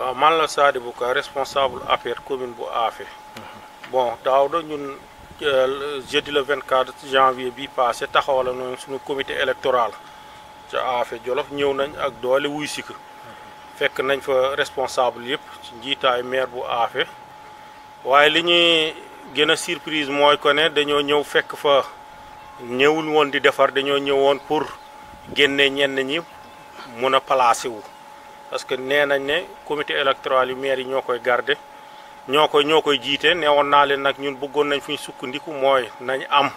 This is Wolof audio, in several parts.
waaw man la bu Ka responsable affaire commune bu Affé bon daaw da ñun euh, jeudi le 24 janvier bi passé taxawala noonu suñu comité électoral ca Affé Jolof ñëw nañ ak doole wuy sikk fekk nañ fa responsable yëpp ci njiitaay maire bu Affé waaye li ñuy gën a surprise mooy ko ne dañoo ñëw fekk fa ñëwul woon di defar dañoo ñëw woon pour génne ñenn ñi mun a placé wu parce que nee nañ ne comité électoral yu maire yi ñoo koy gardé ñoo koy ñoo koy jiite ne woon naa leen nag ñun buggoon nañ fu ñu sukkandiku mooy nañ am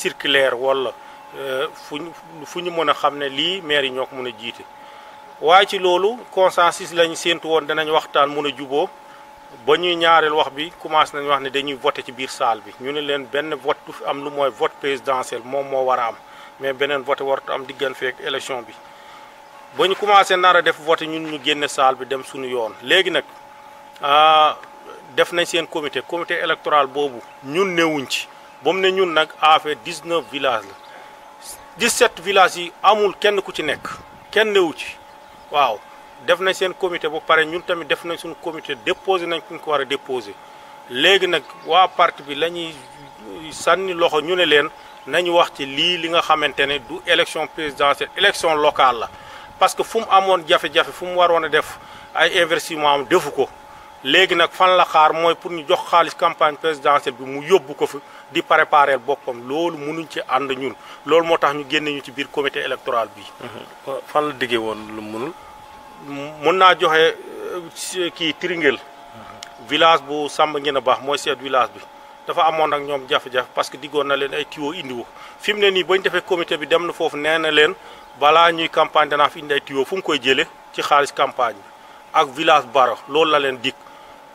circulaire wala euh, fu ñu fu ñu mën a xam ne lii maire yi ñoo ko mën a jiite. waaye ci loolu consensus lañ séentu woon danañ waxtaan mën a juboo ba ñuy ñaareel wax bi commencé nañ wax ne dañuy voté ci biir salle bi ñu ne leen benn vote du am lu mooy vote présidentiel moom moo war a am mais beneen vote warut am diggante feek élection bi. ba ñu commencé nar a def vote ñun ñu génn saal bi dem suñu yoon léegi nag ah, def nañ seen comité comité électoral boobu ñun newuñ ci ba mu ne ñun nag affaire 19 villages la 17 villages yi amul kenn ku ci nekk kenn newu ci waaw def nañ seen comité ba pare ñun tamit def nañ suñu comité déposé nañ ku ñu ko war a déposé léegi nag waa parti bi la ñuy sànni loxo ñu ne leen nañu wax ci lii li nga xamante ne du élection présidentielle élection locale la parce que fu mu amoon jafe-jafe fu mu waroon a def ay investissement am defu ko léegi nag fan la xaar mooy pour ñu jox xaalis campagne présidentielle bi mu yóbbu ko fi di préparer boppam loolu munuñ ci ànd ñun loolu moo tax ñu génne ñu ci biir comité électoral bi. Mhm. fan la diggee woon lu munul mën naa joxe euh, kii Tiringel. Mhm. village bu Samba Ngina Ba mooy seet village bi. dafa amoon ak ñoom jafe-jafe parce que diggoon na leen ay tuyaux indiwu fi mu ne nii bañ defee comité bi dem na foofu nee na leen balaa ñuy campagne danaa fi indi ay tuyaux fu mu koy jëlee ci xaalis campagne bi ak village Baro loolu la leen dikk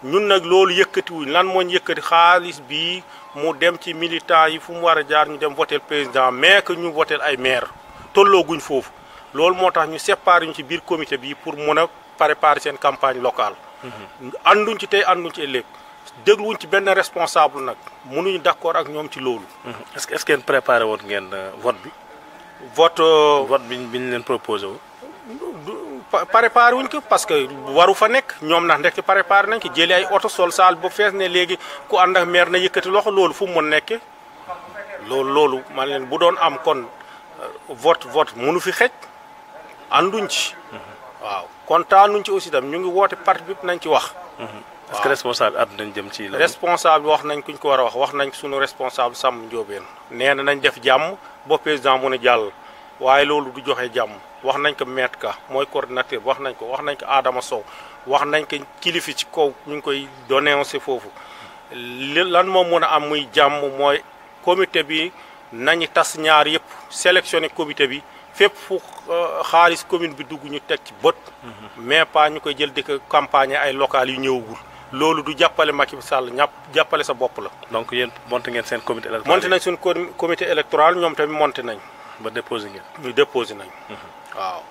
ñun nag loolu yëkkatiwuñ lan moo ñu xaalis bi mu dem ci militant yi fu mu war a jaar ñu dem votel président mais que ñu votel ay maire tollooguñ foofu loolu moo tax ñu séparé ñu ci biir comité bi pour mun a préparer seen campagne locale. Mhm. anduñ ci tey anduñ ci dégluwuñ ci benn responsable nag mënuñu d'accord ak ñoom ci loolu. Mm-hmm. est que est-ce que ngeen préparé woon ngeen euh, vote bi. vote euh, vote bi bi leen proposé wu. préparé wuñ ko parce que waru fa nekk ñoom ndax ndekki préparé nañ ki jëlee ay oto sol saal ba fees ne léegi ku ànd ak maire na yëkkati loxo loolu fu mu mën loolu loolu man bu doon am kon euh, vote vote mënu fi xej ànduñ ci. Mm-hmm. waaw kontaanuñ ci aussi tam ñu ngi woote parti bi nañ ci wax. est-ce que responsable at nañ jëm wax nañ kuñ ko war a wax wax nañ suñu responsable sam njóobeen nee na nañ def jàmm ba président mun a jàll waaye loolu du joxe jàmm wax nañ ko maître ka mooy coordinateur wax nañ ko wax nañ ko Adama Sow wax nañ ko kilifi ci kaw ñu ngi koy dénoncé foofu li lan moom mën a am muy jàmm mooy comité bi nañu tas ñaar yëpp sélectionné comité bi fépp fu euh, xaalis commune bi dugg ñu teg ci bët mhm. mais pas ñu koy jël di ko campagne ay local yu ñëwagul loolu du jàppale Macky sàll ñàpp jàppale sa bopp la. donc yéen monté ngeen seen comité électoral. monté nañ suñu comité électoral ñoom tamit monté nañ. ba déposé ngeen. ñu déposé nañ. Mhm. waaw.